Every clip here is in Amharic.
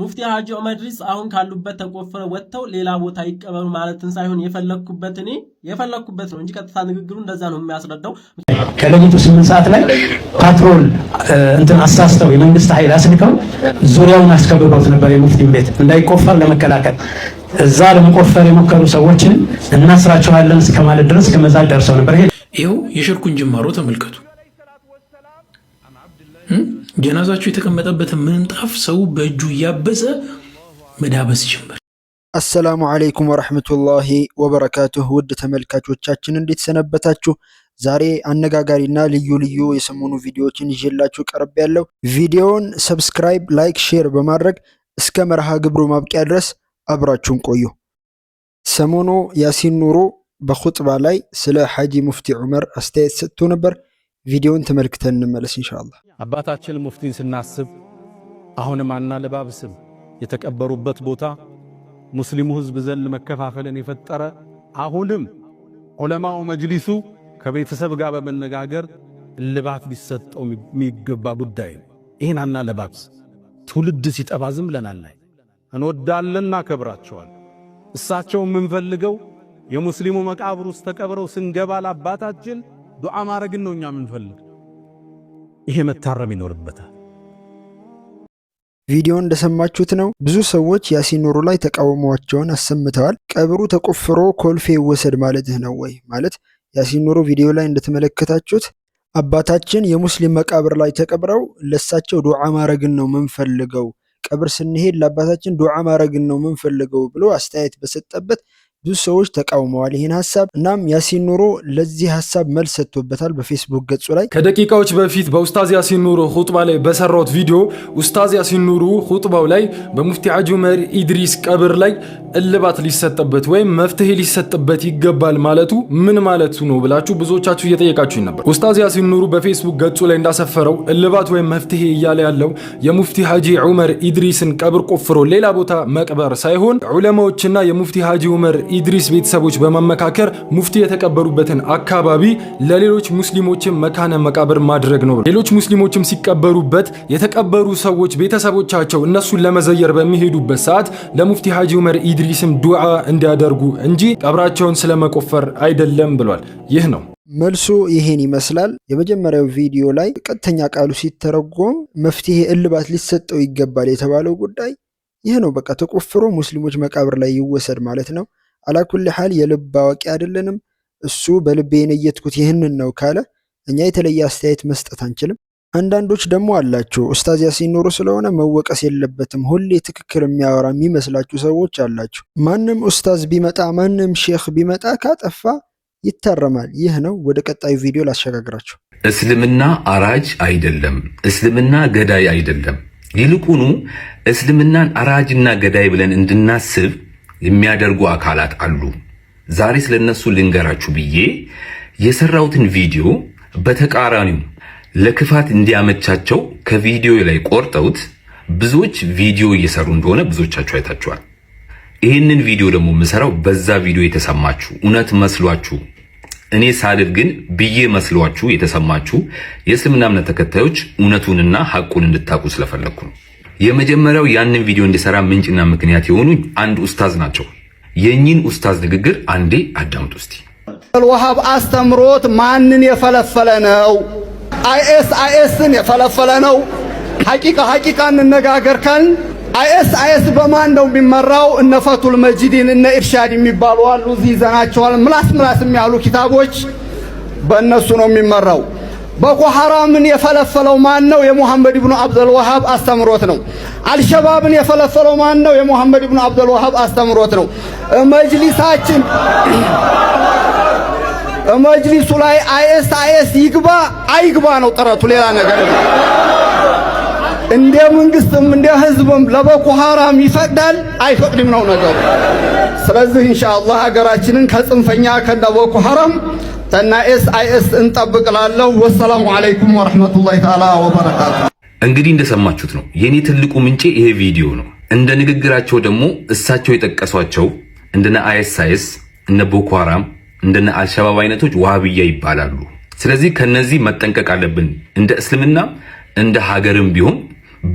ሙፍቲ ሀጂ ዑመር ኢድሪስ አሁን ካሉበት ተቆፍረው ወጥተው ሌላ ቦታ ይቀበሉ ማለትን ሳይሆን የፈለግኩበት እኔ የፈለግኩበት ነው እንጂ ቀጥታ ንግግሩ እንደዛ ነው የሚያስረዳው። ከሌሊቱ ስምንት ሰዓት ላይ ፓትሮል እንትን አሳስተው የመንግስት ኃይል አስልከው ዙሪያውን አስከብበውት ነበር፣ የሙፍቲን ቤት እንዳይቆፈር ለመከላከል። እዛ ለመቆፈር የሞከሩ ሰዎችን እናስራችኋለን እስከማለት ድረስ ከመዛል ደርሰው ነበር። ይኸው የሽርኩን ጅማሮ ተመልከቱ። ጀናዛቸው የተቀመጠበትን ምንጣፍ ሰው በእጁ እያበሰ መዳበስ ጀመር። አሰላሙ አለይኩም ወረሕመቱላሂ ወበረካቱ ውድ ተመልካቾቻችን እንዴት ሰነበታችሁ? ዛሬ አነጋጋሪና ልዩ ልዩ የሰሞኑ ቪዲዮዎችን ይዤላችሁ ቀርብ ያለው ቪዲዮውን ሰብስክራይብ፣ ላይክ፣ ሼር በማድረግ እስከ መርሃ ግብሩ ማብቂያ ድረስ አብራችሁን ቆዩ። ሰሞኑ ያሲን ኑሩ በኹጥባ ላይ ስለ ሐጂ ሙፍቲ ዑመር አስተያየት ሰጥቶ ነበር። ቪዲዮን ተመልክተን እንመለስ እንሻላ። አባታችን ሙፍቲን ስናስብ አሁንም አናለባብስም። የተቀበሩበት ቦታ ሙስሊሙ ሕዝብ ዘንድ መከፋፈልን የፈጠረ አሁንም ዑለማው መጅሊሱ ከቤተሰብ ጋር በመነጋገር እልባት ሊሰጠው የሚገባ ጉዳይ ነው። ይህን አናለባብስ። ትውልድ ሲጠባ ዝም ብለናል። እንወዳለን፣ እናከብራቸዋል። እሳቸው የምንፈልገው የሙስሊሙ መቃብር ውስጥ ተቀብረው ስንገባ ለአባታችን ዱዓ ማረግ ነው እኛ የምንፈልግ። ይሄ መታረም ይኖርበታል። ቪዲዮ እንደሰማችሁት ነው። ብዙ ሰዎች ያሲን ኑሩ ላይ ተቃውሟቸውን አሰምተዋል። ቀብሩ ተቆፍሮ ኮልፌ ይወሰድ ማለትህ ነው ወይ? ማለት ያሲን ኑሩ ቪዲዮ ላይ እንደተመለከታችሁት አባታችን የሙስሊም መቃብር ላይ ተቀብረው ለሳቸው ዱዓ ማድረግን ነው ምንፈልገው፣ ቀብር ስንሄድ ለአባታችን ዱዓ ማረግ ነው ምንፈልገው ብሎ አስተያየት በሰጠበት ብዙ ሰዎች ተቃውመዋል ይህን ሀሳብ። እናም ያሲን ኑሮ ለዚህ ሀሳብ መልስ ሰጥቶበታል በፌስቡክ ገጹ ላይ። ከደቂቃዎች በፊት በኡስታዝ ያሲን ኑሩ ሁጥባ ላይ በሰራሁት ቪዲዮ ኡስታዝ ያሲን ኑሩ ሁጥባው ላይ በሙፍቲ ሐጂ ዑመር ኢድሪስ ቀብር ላይ እልባት ሊሰጥበት ወይም መፍትሄ ሊሰጥበት ይገባል ማለቱ ምን ማለቱ ነው ብላችሁ ብዙዎቻችሁ እየጠየቃችሁኝ ነበር። ኡስታዝ ያሲን ኑሩ በፌስቡክ ገጹ ላይ እንዳሰፈረው እልባት ወይም መፍትሄ እያለ ያለው የሙፍቲ ሐጂ ዑመር ኢድሪስን ቀብር ቆፍሮ ሌላ ቦታ መቅበር ሳይሆን ዑለማዎችና የሙፍቲ ሐጂ ዑመር የኢድሪስ ቤተሰቦች በማመካከር ሙፍቲ የተቀበሩበትን አካባቢ ለሌሎች ሙስሊሞችም መካነ መቃብር ማድረግ ነው። ሌሎች ሙስሊሞችም ሲቀበሩበት የተቀበሩ ሰዎች ቤተሰቦቻቸው እነሱን ለመዘየር በሚሄዱበት ሰዓት ለሙፍቲ ሀጂ ዑመር ኢድሪስም ዱዓ እንዲያደርጉ እንጂ ቀብራቸውን ስለመቆፈር አይደለም ብሏል። ይህ ነው መልሱ። ይሄን ይመስላል። የመጀመሪያው ቪዲዮ ላይ ቀጥተኛ ቃሉ ሲተረጎም መፍትሄ እልባት ሊሰጠው ይገባል የተባለው ጉዳይ ይህ ነው። በቃ ተቆፍሮ ሙስሊሞች መቃብር ላይ ይወሰድ ማለት ነው። አላኩል ሀል የልብ አዋቂ አይደለንም። እሱ በልቤ የነየትኩት ይህንን ነው ካለ እኛ የተለየ አስተያየት መስጠት አንችልም። አንዳንዶች ደግሞ አላቸው ኡስታዝ ያሲን ኑሩ ስለሆነ መወቀስ የለበትም ሁሌ ትክክል የሚያወራ የሚመስላችሁ ሰዎች አላቸው። ማንም ኡስታዝ ቢመጣ ማንም ሼክ ቢመጣ ካጠፋ ይታረማል። ይህ ነው። ወደ ቀጣዩ ቪዲዮ ላሸጋግራቸው። እስልምና አራጅ አይደለም። እስልምና ገዳይ አይደለም። ይልቁኑ እስልምናን አራጅና ገዳይ ብለን እንድናስብ የሚያደርጉ አካላት አሉ። ዛሬ ስለነሱ ልንገራችሁ ብዬ የሰራሁትን ቪዲዮ በተቃራኒው ለክፋት እንዲያመቻቸው ከቪዲዮ ላይ ቆርጠውት ብዙዎች ቪዲዮ እየሰሩ እንደሆነ ብዙዎቻችሁ አይታችኋል። ይህንን ቪዲዮ ደግሞ የምሰራው በዛ ቪዲዮ የተሰማችሁ እውነት መስሏችሁ እኔ ሳልል ግን ብዬ መስሏችሁ የተሰማችሁ የእስልምና እምነት ተከታዮች እውነቱንና ሐቁን እንድታውቁ ስለፈለግኩ ነው። የመጀመሪያው ያንን ቪዲዮ እንዲሰራ ምንጭና ምክንያት የሆኑኝ አንድ ኡስታዝ ናቸው። የእኚህን ኡስታዝ ንግግር አንዴ አዳምጡ እስቲ። አልወሃብ አስተምሮት ማንን የፈለፈለ ነው? አይኤስ አይኤስን የፈለፈለ ነው። ሐቂቃ ሐቂቃ እንነጋገር ካልን አይኤስ አይኤስ በማን ነው የሚመራው? እነ ፈቱል መጂዲን እነ ኢርሻድ የሚባሉ አሉ። እዚህ ይዘናቸዋል። ምላስ ምላስ የሚያሉ ኪታቦች በእነሱ ነው የሚመራው። ቦኮ ሐራምን የፈለፈለው ማን ነው? የሙሐመድ ኢብኑ አብዱል ወሃብ አስተምሮት ነው። አልሸባብን የፈለፈለው ማን ነው? የሙሐመድ ኢብኑ አብዱል ወሃብ አስተምሮት ነው። መጅሊሳችን መጅሊሱ ላይ አይኤስ አይኤስ ይግባ አይግባ ነው ጥረቱ፣ ሌላ ነገር ነው። እንደ መንግስትም እንደ ህዝብም ለቦኮ ሐራም ይፈቅዳል አይፈቅድም ነው ነገሩ። ስለዚህ ኢንሻአላህ ሀገራችንን ከጽንፈኛ ከነቦኮ ሐራም ተና ኤስ አይ ኤስ እንጠብቅላለሁ። ወሰላሙ አለይኩም ወራህመቱላሂ ተዓላ ወበረካቱ። እንግዲህ እንደሰማችሁት ነው የኔ ትልቁ ምንጭ ይሄ ቪዲዮ ነው። እንደ ንግግራቸው ደግሞ እሳቸው የጠቀሷቸው እንደነ አይኤስአይኤስ እነ ቦኮ ሐራም እንደነ አልሸባብ አይነቶች ዋህብያ ይባላሉ። ስለዚህ ከነዚህ መጠንቀቅ አለብን እንደ እስልምና እንደ ሀገርም ቢሆን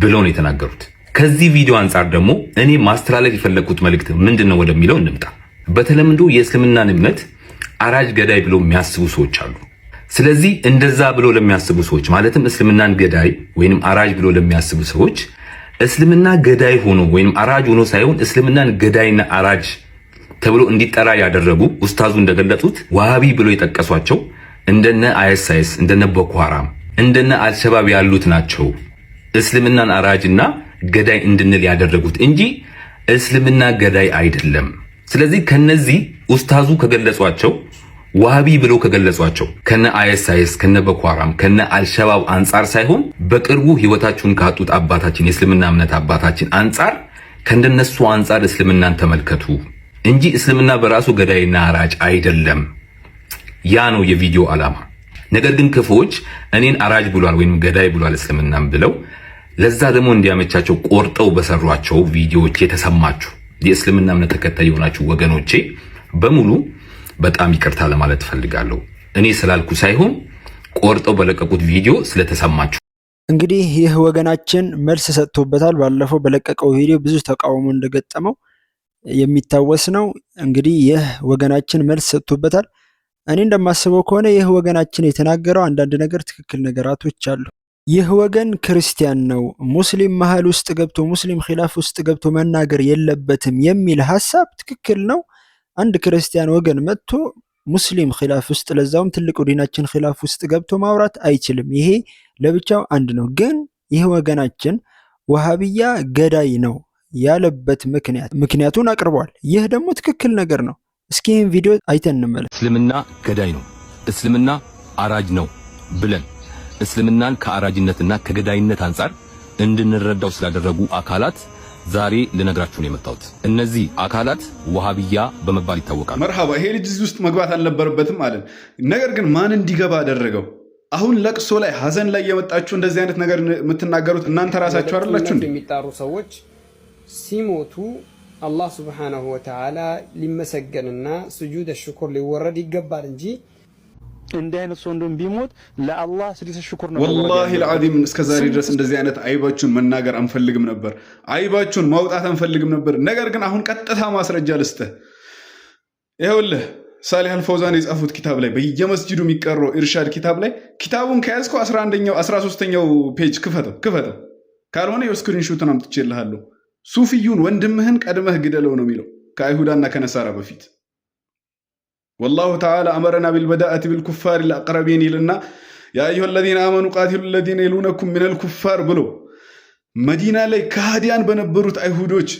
ብለው ነው የተናገሩት። ከዚህ ቪዲዮ አንጻር ደግሞ እኔ ማስተላለፍ የፈለግኩት መልእክት ምንድን ነው ወደሚለው እንምጣ። በተለምዶ የእስልምናን እምነት አራጅ ገዳይ ብሎ የሚያስቡ ሰዎች አሉ። ስለዚህ እንደዛ ብሎ ለሚያስቡ ሰዎች ማለትም እስልምናን ገዳይ ወይም አራጅ ብሎ ለሚያስቡ ሰዎች እስልምና ገዳይ ሆኖ ወይም አራጅ ሆኖ ሳይሆን እስልምናን ገዳይና አራጅ ተብሎ እንዲጠራ ያደረጉ ኡስታዙ እንደገለጹት ዋሃቢ ብሎ የጠቀሷቸው እንደነ አይኤስ እንደነ ቦኮ ሃራም እንደነ አልሸባብ ያሉት ናቸው እስልምናን አራጅና ገዳይ እንድንል ያደረጉት እንጂ እስልምና ገዳይ አይደለም። ስለዚህ ከነዚህ ኡስታዙ ከገለጿቸው ዋቢ ብሎ ከገለጿቸው ከነ አይኤስአይኤስ ከነ በኳራም ከነ አልሸባብ አንጻር ሳይሆን በቅርቡ ህይወታችሁን ካጡት አባታችን የእስልምና እምነት አባታችን አንጻር ከእንደነሱ አንጻር እስልምናን ተመልከቱ እንጂ እስልምና በራሱ ገዳይና አራጭ አይደለም። ያ ነው የቪዲዮ ዓላማ። ነገር ግን ክፉዎች እኔን አራጅ ብሏል ወይም ገዳይ ብሏል እስልምናም ብለው ለዛ ደግሞ እንዲያመቻቸው ቆርጠው በሰሯቸው ቪዲዮዎች የተሰማችሁ የእስልምና እምነት ተከታይ የሆናችሁ ወገኖቼ በሙሉ በጣም ይቅርታ ለማለት እፈልጋለሁ። እኔ ስላልኩ ሳይሆን ቆርጠው በለቀቁት ቪዲዮ ስለተሰማችሁ። እንግዲህ ይህ ወገናችን መልስ ሰጥቶበታል። ባለፈው በለቀቀው ቪዲዮ ብዙ ተቃውሞ እንደገጠመው የሚታወስ ነው። እንግዲህ ይህ ወገናችን መልስ ሰጥቶበታል። እኔ እንደማስበው ከሆነ ይህ ወገናችን የተናገረው አንዳንድ ነገር ትክክል ነገራቶች አሉ። ይህ ወገን ክርስቲያን ነው፣ ሙስሊም መሀል ውስጥ ገብቶ ሙስሊም ኪላፍ ውስጥ ገብቶ መናገር የለበትም የሚል ሀሳብ ትክክል ነው። አንድ ክርስቲያን ወገን መጥቶ ሙስሊም ኪላፍ ውስጥ ለዛውም ትልቁ ዲናችን ኪላፍ ውስጥ ገብቶ ማውራት አይችልም። ይሄ ለብቻው አንድ ነው። ግን ይህ ወገናችን ወሃብያ ገዳይ ነው ያለበት ምክንያት ምክንያቱን አቅርቧል። ይህ ደግሞ ትክክል ነገር ነው። እስኪ ይህን ቪዲዮ አይተን እንመለስ። እስልምና ገዳይ ነው፣ እስልምና አራጅ ነው ብለን እስልምናን ከአራጅነትና ከገዳይነት አንጻር እንድንረዳው ስላደረጉ አካላት ዛሬ ልነግራችሁ ነው የመጣሁት። እነዚህ አካላት ወሃብያ በመባል ይታወቃሉ። መርሃባ ይሄ ልጅ እዚህ ውስጥ መግባት አልነበረበትም አለን። ነገር ግን ማን እንዲገባ አደረገው? አሁን ለቅሶ ላይ ሀዘን ላይ የመጣችሁ እንደዚህ አይነት ነገር የምትናገሩት እናንተ ራሳችሁ አይደላችሁ እንዴ? የሚጣሩ ሰዎች ሲሞቱ አላህ ሱብሓነሁ ወተዓላ ሊመሰገንና ስጁድ ሽኩር ሊወረድ ይገባል እንጂ እንዲህ አይነት ሰው እንደውም ቢሞት ለአላህ ስድስት ሽኩር ነው። ወላሂ ልዓዚም እስከ ዛሬ ድረስ እንደዚህ አይነት አይባችሁን መናገር አንፈልግም ነበር፣ አይባችሁን ማውጣት አንፈልግም ነበር። ነገር ግን አሁን ቀጥታ ማስረጃ ልስጥህ። ይኸውልህ ሳሊህ አልፈውዛን የጻፉት ኪታብ ላይ በየመስጂዱ የሚቀረው ኢርሻድ ኪታብ ላይ ኪታቡን ከያዝከው 11ኛው 13ኛው ፔጅ ክፈተው ክፈተው፣ ካልሆነ የስክሪንሾትን አምጥቼልሃለሁ። ሱፊዩን ወንድምህን ቀድመህ ግደለው ነው የሚለው ከአይሁዳና ከነሳራ በፊት ወላሁ ተዓላ አመረና ቢልበዳአት ቢልኩፋር ለአቅረቢን ይልና የአዩ ለዚነ አመኑ ቃቲሉ ለዚነ የሉነኩም ሚነል ኩፋር ብሎ መዲና ላይ ከሃዲያን በነበሩት አይሁዶች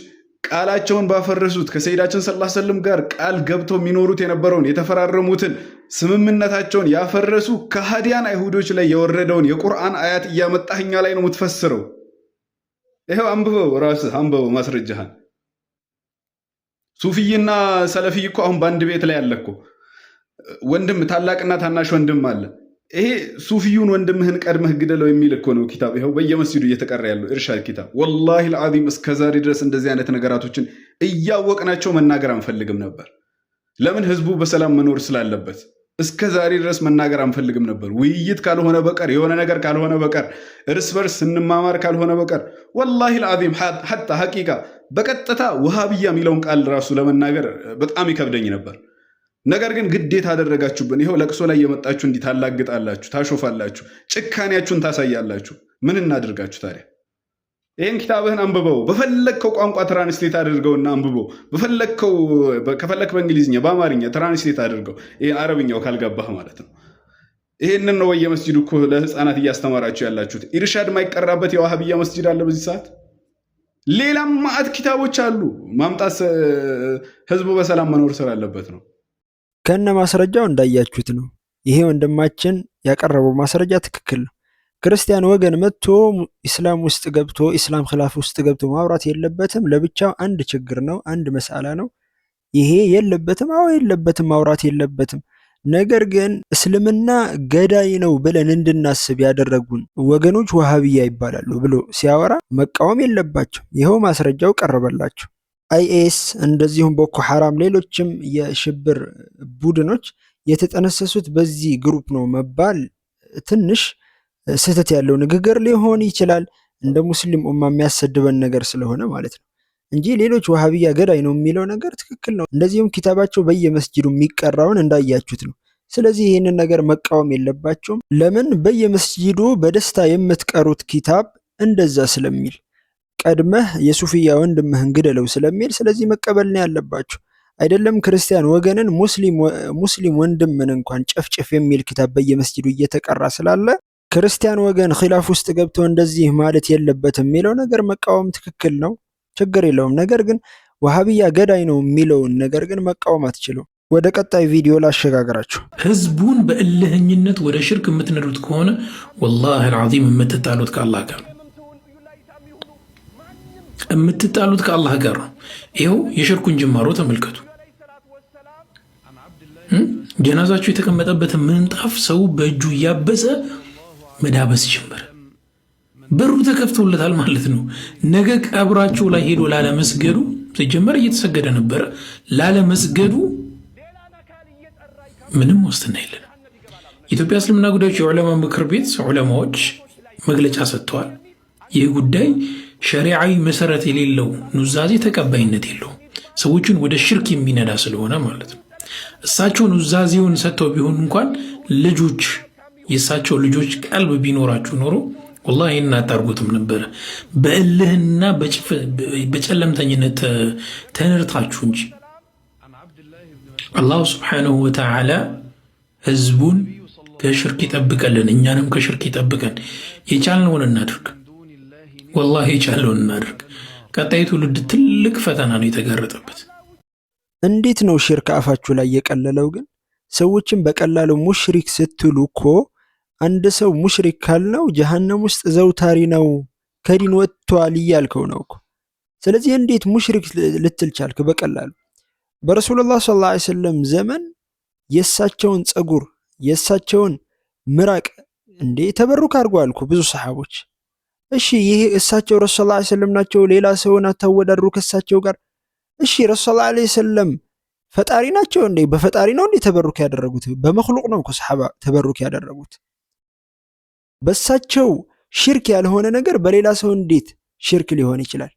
ቃላቸውን ባፈረሱት ከሰይዳችን ሰለላሁ ሰለም ጋር ቃል ገብተው የሚኖሩት የነበረውን የተፈራረሙትን ስምምነታቸውን ያፈረሱ ከሃዲያን አይሁዶች ላይ የወረደውን የቁርአን አያት እያመጣህኛ ላይ ነው የምትፈስረው። ይኸው አንብበው፣ ራስህ አንብበው ማስረጃህን ሱፊይና ሰለፊይ እኮ አሁን በአንድ ቤት ላይ አለ እኮ ወንድም ታላቅና ታናሽ ወንድም አለ። ይሄ ሱፊዩን ወንድምህን ቀድመህ ግደለው የሚል እኮ ነው ኪታብ። ይኸው በየመስጂዱ እየተቀረ ያለው ኢርሻድ ኪታብ። ወላሂ ልዓዚም እስከዛሬ ድረስ እንደዚህ አይነት ነገራቶችን እያወቅናቸው መናገር አንፈልግም ነበር። ለምን? ህዝቡ በሰላም መኖር ስላለበት እስከ ዛሬ ድረስ መናገር አንፈልግም ነበር። ውይይት ካልሆነ በቀር የሆነ ነገር ካልሆነ በቀር እርስ በርስ ስንማማር ካልሆነ በቀር ወላሂ ልዓዚም ሐታ ሐቂቃ በቀጥታ ውሃብያ የሚለውን ቃል ራሱ ለመናገር በጣም ይከብደኝ ነበር። ነገር ግን ግዴታ አደረጋችሁብን። ይኸው ለቅሶ ላይ የመጣችሁ እንዲህ ታላግጣላችሁ፣ ታሾፋላችሁ፣ ጭካኔያችሁን ታሳያላችሁ። ምን እናድርጋችሁ ታዲያ? ይህን ኪታብህን አንብበው በፈለግከው ቋንቋ ትራንስሌት አድርገውና አንብበው። በፈለግከው ከፈለግ በእንግሊዝኛ በአማርኛ ትራንስሌት አድርገው። ይህን አረብኛው ካልገባህ ማለት ነው። ይህንን ነው በየመስጂዱ እኮ ለህፃናት እያስተማራችሁ ያላችሁት። ኢርሻድ ማይቀራበት የዋሃብያ መስጂድ አለ በዚህ ሰዓት። ሌላም ማዕት ኪታቦች አሉ። ማምጣት ህዝቡ በሰላም መኖር ስላለበት ነው። ከነ ማስረጃው እንዳያችሁት ነው። ይሄ ወንድማችን ያቀረበው ማስረጃ ትክክል ነው። ክርስቲያን ወገን መጥቶ ኢስላም ውስጥ ገብቶ ኢስላም ክላፍ ውስጥ ገብቶ ማውራት የለበትም። ለብቻው አንድ ችግር ነው፣ አንድ መሳላ ነው። ይሄ የለበትም። አዎ የለበትም፣ ማውራት የለበትም። ነገር ግን እስልምና ገዳይ ነው ብለን እንድናስብ ያደረጉን ወገኖች ዋሃብያ ይባላሉ ብሎ ሲያወራ መቃወም የለባቸው። ይኸው ማስረጃው ቀረበላቸው። አይኤስ እንደዚሁም ቦኮ ሐራም፣ ሌሎችም የሽብር ቡድኖች የተጠነሰሱት በዚህ ግሩፕ ነው መባል ትንሽ ስህተት ያለው ንግግር ሊሆን ይችላል። እንደ ሙስሊም ኡማ የሚያሰድበን ነገር ስለሆነ ማለት ነው እንጂ ሌሎች ዋሃብያ ገዳይ ነው የሚለው ነገር ትክክል ነው። እንደዚሁም ኪታባቸው በየመስጅዱ የሚቀራውን እንዳያችሁት ነው። ስለዚህ ይህንን ነገር መቃወም የለባቸውም። ለምን በየመስጅዱ በደስታ የምትቀሩት ኪታብ እንደዛ ስለሚል ቀድመህ የሱፍያ ወንድምህን ግደለው ስለሚል ስለዚህ መቀበል ነው ያለባችሁ። አይደለም ክርስቲያን ወገንን ሙስሊም ወንድምን እንኳን ጨፍጭፍ የሚል ኪታብ በየመስጅዱ እየተቀራ ስላለ ክርስቲያን ወገን ኺላፍ ውስጥ ገብቶ እንደዚህ ማለት የለበትም የሚለው ነገር መቃወም ትክክል ነው፣ ችግር የለውም። ነገር ግን ዋሃብያ ገዳይ ነው የሚለውን ነገር ግን መቃወም አትችልም። ወደ ቀጣይ ቪዲዮ ላሸጋግራችሁ። ህዝቡን በእልህኝነት ወደ ሽርክ የምትነዱት ከሆነ ወላሂ አልዓዚም የምትጣሉት ከአላህ ጋር የምትጣሉት ከአላህ ጋር ነው። ይኸው የሽርኩን ጅማሮ ተመልከቱ። ጀናዛቸው የተቀመጠበት ምንጣፍ ሰው በእጁ እያበሰ መዳበስ ጀመረ። በሩ ተከፍቶለታል ማለት ነው። ነገ ቀብራቸው ላይ ሄዶ ላለመስገዱ ሲጀመር እየተሰገደ ነበረ። ላለመስገዱ ምንም ዋስትና የለን። የኢትዮጵያ እስልምና ጉዳዮች የዑለማ ምክር ቤት ዑለማዎች መግለጫ ሰጥተዋል። ይህ ጉዳይ ሸሪዓዊ መሰረት የሌለው ኑዛዜ ተቀባይነት የለውም። ሰዎችን ወደ ሽርክ የሚነዳ ስለሆነ ማለት ነው። እሳቸው ኑዛዜውን ሰጥተው ቢሆን እንኳን ልጆች የእሳቸው ልጆች ቀልብ ቢኖራችሁ ኖሮ ወላሂ ይህን አታርጉትም ነበረ። በእልህና በጨለምተኝነት ተንርታችሁ እንጂ አላሁ ስብሓነሁ ወተዓላ ህዝቡን ከሽርክ ይጠብቀልን፣ እኛንም ከሽርክ ይጠብቀን። የቻልነውን እናድርግ፣ ወላሂ የቻልነውን እናድርግ። ቀጣይ ትውልድ ትልቅ ፈተና ነው የተጋረጠበት። እንዴት ነው ሽርክ አፋችሁ ላይ የቀለለው? ግን ሰዎችን በቀላሉ ሙሽሪክ ስትሉ እኮ አንድ ሰው ሙሽሪክ ካልነው ጀሃነም ውስጥ ዘውታሪ ነው፣ ከዲን ወጥቷል እያልከው ነው እኮ። ስለዚህ እንዴት ሙሽሪክ ልትል ቻልክ? በቀላሉ በረሱሉላህ ሰለላሁ ዐለይሂ ወሰለም ዘመን የእሳቸውን ጸጉር የእሳቸውን ምራቅ እንዴ ተበሩክ አድርጓል አልኩ ብዙ ሰሓቦች። እሺ ይሄ እሳቸው ረሱ ላ ሰለም ናቸው፣ ሌላ ሰውን አታወዳድሩ ከእሳቸው ጋር። እሺ ረሱ ላ ለ ሰለም ፈጣሪ ናቸው እንዴ? በፈጣሪ ነው እንዴ ተበሩክ ያደረጉት? በመክሉቅ ነው እኮ ሰሓባ ተበሩክ ያደረጉት። በሳቸው ሽርክ ያልሆነ ነገር በሌላ ሰው እንዴት ሽርክ ሊሆን ይችላል?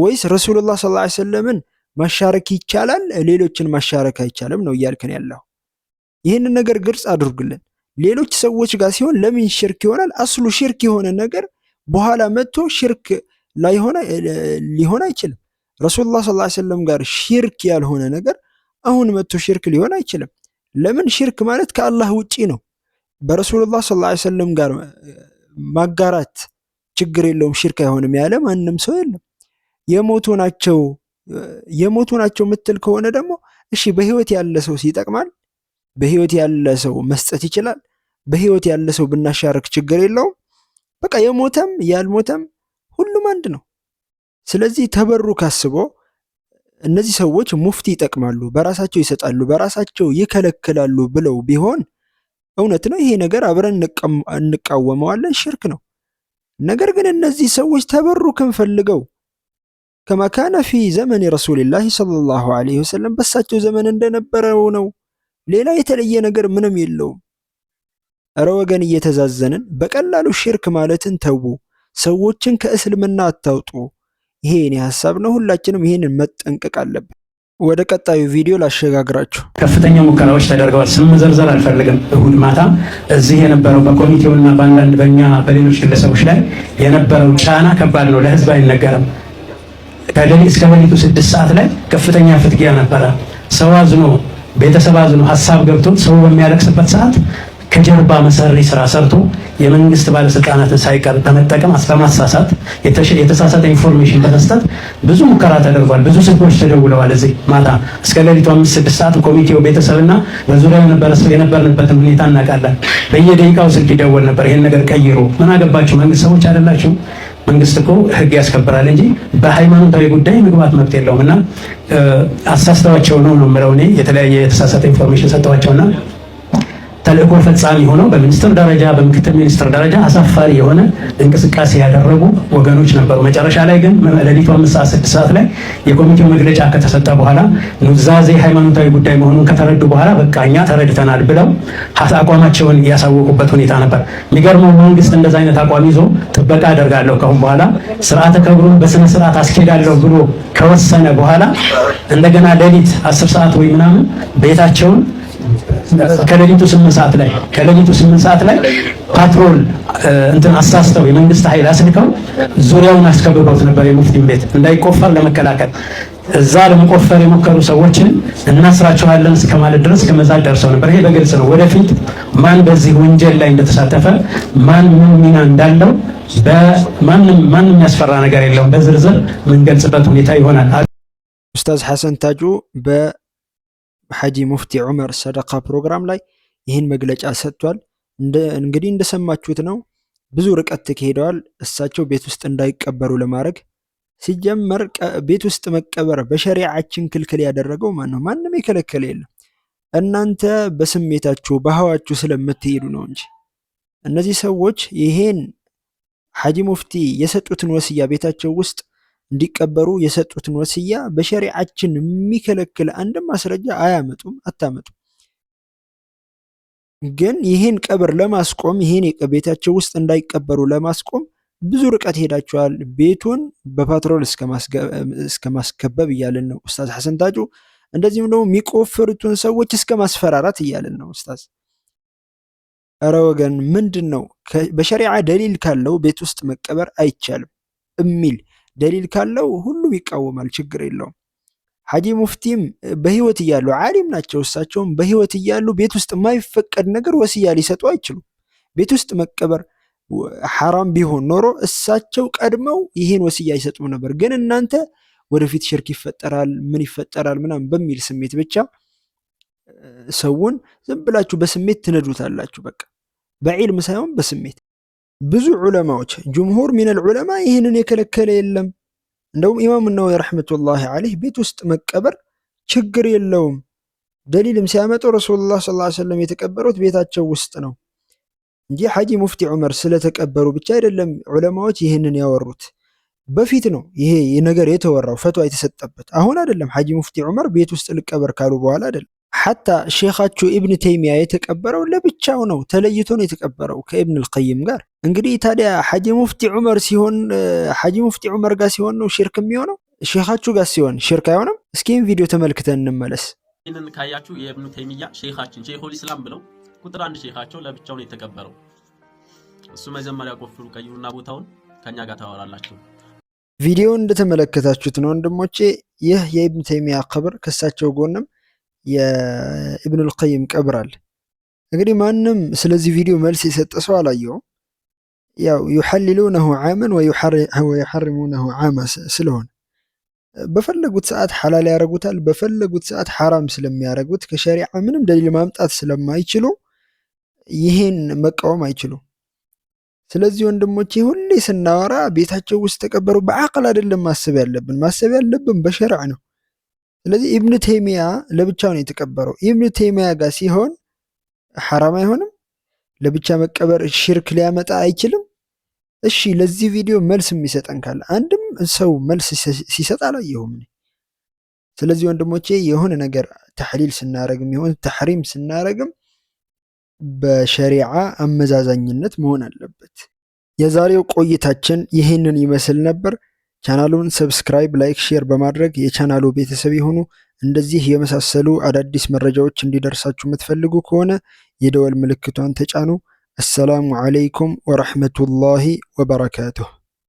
ወይስ ረሱሉላህ ሰለላሁ ዐለይሂ ወሰለምን ማሻረክ ይቻላል፣ ሌሎችን ማሻረክ አይቻልም ነው እያልከን ያለው? ይህንን ነገር ግልጽ አድርጉልን። ሌሎች ሰዎች ጋር ሲሆን ለምን ሽርክ ይሆናል? አስሉ ሽርክ የሆነ ነገር በኋላ መጥቶ ሽርክ ላይሆን ሊሆን አይችልም። ረሱሉላህ ሰለላሁ ዐለይሂ ወሰለም ጋር ሽርክ ያልሆነ ነገር አሁን መጥቶ ሽርክ ሊሆን አይችልም። ለምን? ሽርክ ማለት ከአላህ ውጪ ነው። በረሱሉላህ ሰለላሁ ዐለይሂ ወሰለም ጋር ማጋራት ችግር የለውም ሽርክ አይሆንም ያለ ማንም ሰው የለም። የሞቱ ናቸው የሞቱ ናቸው ምትል ከሆነ ደግሞ እሺ በህይወት ያለ ሰው ይጠቅማል፣ በህይወት ያለ ሰው መስጠት ይችላል፣ በህይወት ያለ ሰው ብናሻርክ ችግር የለውም። በቃ የሞተም ያልሞተም ሁሉም አንድ ነው። ስለዚህ ተበሩክ አስቦ እነዚህ ሰዎች ሙፍቲ ይጠቅማሉ፣ በራሳቸው ይሰጣሉ፣ በራሳቸው ይከለክላሉ ብለው ቢሆን እውነት ነው። ይሄ ነገር አብረን እንቃወመዋለን፣ ሽርክ ነው። ነገር ግን እነዚህ ሰዎች ተበሩክን ፈልገው ከመካነ ፊ ዘመን ረሱልላህ ሰለላሁ ዐለይሂ ወሰለም በሳቸው ዘመን እንደነበረው ነው። ሌላ የተለየ ነገር ምንም የለውም። እረ ወገን እየተዛዘንን በቀላሉ ሽርክ ማለትን ተዉ፣ ሰዎችን ከእስልምና አታውጡ። ይሄ እኔ ሀሳብ ነው። ሁላችንም ይሄንን መጠንቀቅ አለብን። ወደ ቀጣዩ ቪዲዮ ላሸጋግራችሁ። ከፍተኛ ሙከራዎች ተደርገዋል። ስም መዘርዘር አልፈልግም። እሁድ ማታ እዚህ የነበረው በኮሚቴውና በአንዳንድ በኛ በሌሎች ግለሰቦች ላይ የነበረው ጫና ከባድ ነው፣ ለህዝብ አይነገርም። ከሌሊት እስከ ሌሊቱ ስድስት ሰዓት ላይ ከፍተኛ ፍትጊያ ነበረ። ሰው አዝኖ፣ ቤተሰብ አዝኖ፣ ሀሳብ ገብቶ ሰው በሚያለቅስበት ሰዓት ከጀርባ መሰሪ ስራ ሰርቶ የመንግስት ባለስልጣናትን ሳይቀር በመጠቀም በማሳሳት የተሳሳተ ኢንፎርሜሽን በመስጠት ብዙ ሙከራ ተደርጓል። ብዙ ስልኮች ተደውለዋል። እዚህ ማታ እስከ ሌሊቱ አምስት ስድስት ሰዓት ኮሚቴው ቤተሰብና በዙሪያ የነበርንበትን ሁኔታ እናውቃለን። በየደቂቃው ስልክ ይደወል ነበር። ይህን ነገር ቀይሮ ምን አገባችሁ መንግስት ሰዎች አይደላችሁ? መንግስት እኮ ህግ ያስከብራል እንጂ በሃይማኖታዊ ጉዳይ ምግባት መብት የለውም እና አሳስተዋቸው ነው ነው የምለው እኔ የተለያየ የተሳሳተ ኢንፎርሜሽን ሰጥተዋቸውና ተልእኮ ፈጻሚ ሆነው በሚኒስትር ደረጃ በምክትል ሚኒስትር ደረጃ አሳፋሪ የሆነ እንቅስቃሴ ያደረጉ ወገኖች ነበሩ። መጨረሻ ላይ ግን ሌሊቱ አምስት ሰዓት ስድስት ሰዓት ላይ የኮሚቴው መግለጫ ከተሰጠ በኋላ ኑዛዜ ሃይማኖታዊ ጉዳይ መሆኑን ከተረዱ በኋላ በቃ እኛ ተረድተናል ብለው አቋማቸውን ያሳወቁበት ሁኔታ ነበር። የሚገርመው መንግስት እንደዚ አይነት አቋም ይዞ ጥበቃ አደርጋለሁ ከአሁን በኋላ ስርዓተ ቀብሩን በስነ ስርዓት አስኬዳለሁ ብሎ ከወሰነ በኋላ እንደገና ሌሊት አስር ሰዓት ወይ ምናምን ቤታቸውን ከሌሊቱ ስምንት ሰዓት ላይ ከሌሊቱ ስምንት ሰዓት ላይ ፓትሮል እንትን አሳስተው የመንግስት ኃይል አስልከው ዙሪያውን አስከብበውት ነበር፣ የሙፍቲን ቤት እንዳይቆፈር ለመከላከል። እዛ ለመቆፈር የሞከሩ ሰዎችን እናስራቸዋለን እስከ ማለት ድረስ ከመዛት ደርሰው ነበር። ይሄ በግልጽ ነው። ወደፊት ማን በዚህ ወንጀል ላይ እንደተሳተፈ ማን ምን ሚና እንዳለው በማንም ማንም የሚያስፈራ ነገር የለውም። በዝርዝር የምንገልጽበት ሁኔታ ይሆናል። ኡስታዝ ሐሰን ታጁ በ ሐጂ ሙፍቲ ዑመር ሰደቃ ፕሮግራም ላይ ይህን መግለጫ ሰጥቷል። እንግዲህ እንደሰማችሁት ነው። ብዙ ርቀት ሄደዋል እሳቸው ቤት ውስጥ እንዳይቀበሩ ለማድረግ ሲጀመር ቤት ውስጥ መቀበር በሸሪዓችን ክልክል ያደረገው ማን ነው? ማንም የከለከለ የለም። እናንተ በስሜታችሁ በሀዋችሁ ስለምትሄዱ ነው እንጂ እነዚህ ሰዎች ይሄን ሐጂ ሙፍቲ የሰጡትን ወስያ ቤታቸው ውስጥ እንዲቀበሩ የሰጡትን ወስያ በሸሪዓችን የሚከለክል አንድ ማስረጃ አያመጡም አታመጡም። ግን ይህን ቀብር ለማስቆም ይህን ቤታቸው ውስጥ እንዳይቀበሩ ለማስቆም ብዙ ርቀት ሄዳቸዋል ቤቱን በፓትሮል እስከ ማስከበብ እያለን ነው ኡስታዝ ሐሰን ታጩ። እንደዚሁም ደግሞ የሚቆፍሩትን ሰዎች እስከ ማስፈራራት እያለን ነው ኡስታዝ። እረ ወገን ምንድን ነው? በሸሪዓ ደሊል ካለው ቤት ውስጥ መቀበር አይቻልም የሚል ደሊል ካለው ሁሉም ይቃወማል፣ ችግር የለውም። ሀጂ ሙፍቲም በህይወት እያሉ ዓሊም ናቸው። እሳቸውም በህይወት እያሉ ቤት ውስጥ የማይፈቀድ ነገር ወስያ ሊሰጡ አይችሉም። ቤት ውስጥ መቀበር ሐራም ቢሆን ኖሮ እሳቸው ቀድመው ይህን ወስያ አይሰጡም ነበር። ግን እናንተ ወደፊት ሽርክ ይፈጠራል፣ ምን ይፈጠራል ምናምን በሚል ስሜት ብቻ ሰውን ዝም ብላችሁ በስሜት ትነዱታላችሁ። በቃ በዒልም ሳይሆን በስሜት ብዙ ዑለማዎች ጅምሁር ሚነል ዑለማ ይህንን የከለከለ የለም። እንደውም ኢማም ናወዊ ረሕመቱላሂ ዓለይህ ቤት ውስጥ መቀበር ችግር የለውም። ደሊልም ሲያመጡ ረሱሉላህ ሰለላሁ ዓለይሂ ወሰለም የተቀበሩት ቤታቸው ውስጥ ነው እንጂ ሐጂ ሙፍቲ ዑመር ስለተቀበሩ ብቻ አይደለም ዑለማዎች ይህንን ያወሩት። በፊት ነው ይሄ ነገር የተወራው ፈቷ የተሰጠበት፣ አሁን አይደለም። ሐጂ ሙፍቲ ዑመር ቤት ውስጥ ልቀበር ካሉ በኋላ አይደለም። ሐታ ሼኻቸው ኢብን ተይሚያ የተቀበረው ለብቻው ነው፣ ተለይቶ ነው የተቀበረው ከኢብን አልቀይም ጋር። እንግዲህ ታዲያ ሐጂ ሙፍቲ ዑመር ሲሆን ሐጂ ሙፍቲ ዑመር ጋር ሲሆን ነው ሽርክ የሚሆነው፣ ሼኻችሁ ጋር ሲሆን ሽርክ አይሆንም። እስኪም ቪዲዮ ተመልክተን እንመለስ። ይህንን ካያችሁ የኢብኑ ተይሚያ ሼኻችን ሼኹል ኢስላም ብለው ቁጥር አንድ ሼኻቸው ለብቻው ነው የተቀበረው። እሱ መጀመሪያ ቆፍሩ ቀይሩና ቦታውን ከኛ ጋር ታወራላችሁ። ቪዲዮ እንደተመለከታችሁት ነው ወንድሞቼ፣ ይህ የኢብን ተይሚያ ክብር ከሳቸው ጎንም የኢብኑል ቀይም ቀብር አለ። እንግዲህ ማንም ስለዚህ ቪዲዮ መልስ የሰጠ ሰው አላየውም። ያው ዩሐልሉነሁ ዓመን ወዩሐርሙነሁ ዓማ ስለሆነ በፈለጉት ሰዓት ሐላል ያረጉታል፣ በፈለጉት ሰዓት ሐራም ስለሚያደርጉት ከሸሪዓ ምንም ደሊል ማምጣት ስለማይችሉ ይሄን መቃወም አይችሉም። ስለዚህ ወንድሞቼ ሁሌ ስናወራ ቤታቸው ውስጥ ተቀበሩ በአቅል አይደለም ማሰብ ያለብን፣ ማሰብ ያለብን በሸርዕ ነው። ስለዚህ ኢብኑ ቴሚያ ለብቻው ነው የተቀበረው። ኢብኑ ቴሚያ ጋር ሲሆን ሐራም አይሆንም። ለብቻ መቀበር ሽርክ ሊያመጣ አይችልም። እሺ ለዚህ ቪዲዮ መልስ የሚሰጠን ካለ አንድም ሰው መልስ ሲሰጥ አላየሁም። ስለዚህ ወንድሞቼ የሆነ ነገር ተሕሊል ስናረግም የሆነ ተሕሪም ስናረግም በሸሪዓ አመዛዛኝነት መሆን አለበት። የዛሬው ቆይታችን ይህንን ይመስል ነበር። ቻናሉን ሰብስክራይብ፣ ላይክ፣ ሼር በማድረግ የቻናሉ ቤተሰብ የሆኑ እንደዚህ የመሳሰሉ አዳዲስ መረጃዎች እንዲደርሳችሁ የምትፈልጉ ከሆነ የደወል ምልክቷን ተጫኑ። አሰላሙ አለይኩም ወረሕመቱላሂ ወበረካቱሁ።